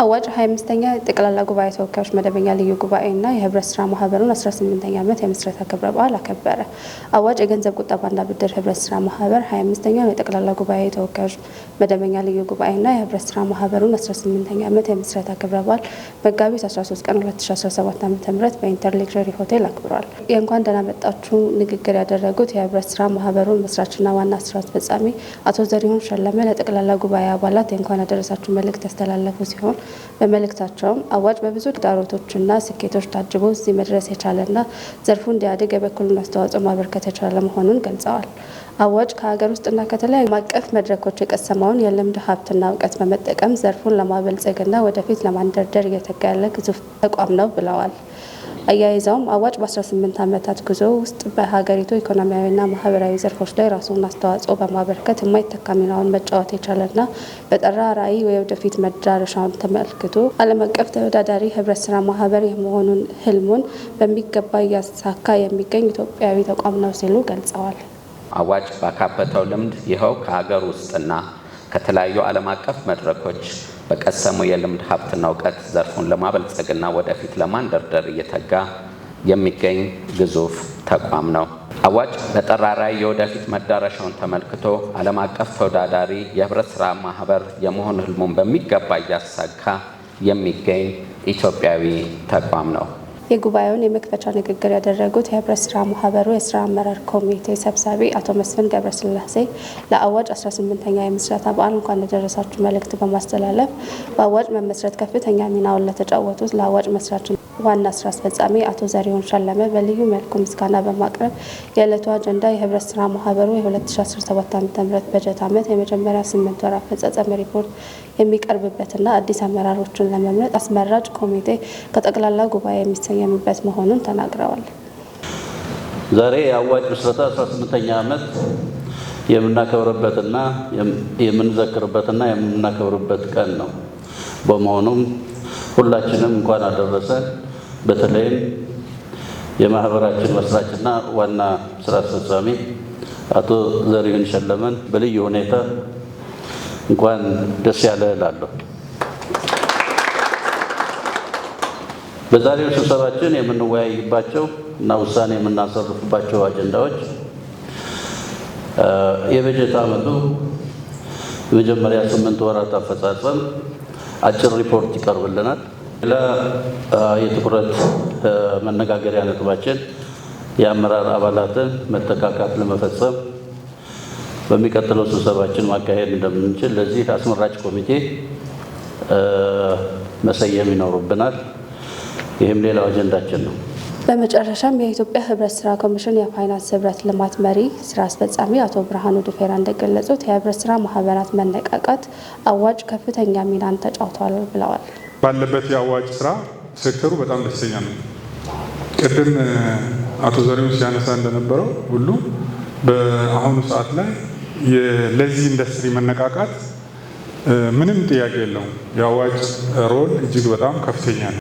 አዋጭ 25ኛ ጠቅላላ ጉባኤ ተወካዮች መደበኛ ልዩ ጉባኤና የህብረት ስራ ማህበሩን 18ኛ ዓመት የምስረታ ክብረ በዓል አከበረ። አዋጭ የገንዘብ ቁጠባና ብድር ህብረት ስራ ማህበር 25 ኛ የጠቅላላ ጉባኤ ተወካዮች መደበኛ ልዩ ጉባኤና የህብረት ስራ ማህበሩን 18ኛ ዓመት የምስረታ ክብረ በዓል መጋቢት 13 ቀን 2017 ዓ.ም በኢንተር ሆቴል አክብሯል። የእንኳን ደህና መጣችሁ ንግግር ያደረጉት የህብረት ስራ ማህበሩን መስራችና ዋና ስራ አስፈጻሚ አቶ ዘሪሁን ሸለመ ለጠቅላላ ጉባኤ አባላት የእንኳን ያደረሳችሁ መልእክት ያስተላለፉ ሲሆን በመልእክታቸውም አዋጭ በብዙ ተግዳሮቶችና ስኬቶች ታጅቦ እዚህ መድረስ የቻለና ዘርፉ እንዲያድግ የበኩሉን አስተዋጽኦ ማበርከት የቻለ መሆኑን ገልጸዋል። አዋጭ ከሀገር ውስጥና ከተለያዩ ማቀፍ መድረኮች የቀሰመውን የልምድ ሀብትና እውቀት በመጠቀም ዘርፉን ለማበልጸግና ወደፊት ለማንደርደር እየተጋለ ግዙፍ ተቋም ነው ብለዋል። አያይዘውም አዋጭ በ18 ዓመታት ጉዞ ውስጥ በሀገሪቱ ኢኮኖሚያዊና ማህበራዊ ዘርፎች ላይ ራሱን አስተዋጽኦ በማበርከት የማይተካ ሚናውን መጫወት የቻለና በጠራ ራዕይ የወደፊት መዳረሻውን ተመልክቶ ዓለም አቀፍ ተወዳዳሪ ህብረት ስራ ማህበር የመሆኑን ህልሙን በሚገባ እያሳካ የሚገኝ ኢትዮጵያዊ ተቋም ነው ሲሉ ገልጸዋል። አዋጭ ባካበተው ልምድ ይኸው ከሀገር ውስጥና ከተለያዩ ዓለም አቀፍ መድረኮች በቀሰሙ የልምድ ሀብትና እውቀት ዘርፉን ለማበልጸግና ወደፊት ለማንደርደር እየተጋ የሚገኝ ግዙፍ ተቋም ነው። አዋጭ በጠራራይ የወደፊት መዳረሻውን ተመልክቶ ዓለም አቀፍ ተወዳዳሪ የህብረት ስራ ማህበር የመሆን ህልሙን በሚገባ እያሳካ የሚገኝ ኢትዮጵያዊ ተቋም ነው። የጉባኤውን የመክፈቻ ንግግር ያደረጉት የህብረት ስራ ማህበሩ የስራ አመራር ኮሚቴ ሰብሳቢ አቶ መስፍን ገብረስላሴ ለአዋጅ 18ኛ የምስረታ በዓል እንኳን ለደረሳችሁ መልእክት በማስተላለፍ በአዋጅ መመስረት ከፍተኛ ሚናውን ለተጫወቱት ለአዋጅ መስራችን ዋና ስራ አስፈጻሚ አቶ ዘሪሁን ሸለመ በልዩ መልኩ ምስጋና በማቅረብ የዕለቱ አጀንዳ የህብረት ስራ ማህበሩ የ2017 ዓ ም በጀት ዓመት የመጀመሪያ ስምንት ወር አፈጻጸም ሪፖርት የሚቀርብበትና አዲስ አመራሮችን ለመምረጥ አስመራጭ ኮሚቴ ከጠቅላላ ጉባኤ የሚሰየምበት መሆኑን ተናግረዋል። ዛሬ የአዋጅ ምስረታ 18ኛ ዓመት የምናከብርበትና የምንዘክርበትና የምናከብርበት ቀን ነው። በመሆኑም ሁላችንም እንኳን አደረሰ በተለይም የማህበራችን መስራችና ዋና ስራ አስፈጻሚ አቶ ዘሪሁን ሸለመን በልዩ ሁኔታ እንኳን ደስ ያለ እላለሁ። በዛሬው ስብሰባችን የምንወያይባቸው እና ውሳኔ የምናሰርፍባቸው አጀንዳዎች የበጀት ዓመቱ የመጀመሪያ ስምንት ወራት አፈጻጸም አጭር ሪፖርት ይቀርብልናል። ሌላ የትኩረት መነጋገሪያ ነጥባችን የአመራር አባላትን መተካካት ለመፈጸም በሚቀጥለው ስብሰባችን ማካሄድ እንደምንችል ለዚህ አስመራጭ ኮሚቴ መሰየም ይኖሩብናል። ይህም ሌላው አጀንዳችን ነው። በመጨረሻም የኢትዮጵያ ህብረት ስራ ኮሚሽን የፋይናንስ ህብረት ልማት መሪ ስራ አስፈጻሚ አቶ ብርሃኑ ዱፌራ እንደገለጹት የህብረት ስራ ማህበራት መነቃቃት አዋጅ ከፍተኛ ሚናን ተጫውተዋል ብለዋል። ባለበት የአዋጭ ስራ ሴክተሩ በጣም ደስተኛ ነው። ቅድም አቶ ዘሪሁን ሲያነሳ እንደነበረው ሁሉ በአሁኑ ሰዓት ላይ ለዚህ ኢንዱስትሪ መነቃቃት ምንም ጥያቄ የለውም። የአዋጭ ሮል እጅግ በጣም ከፍተኛ ነው።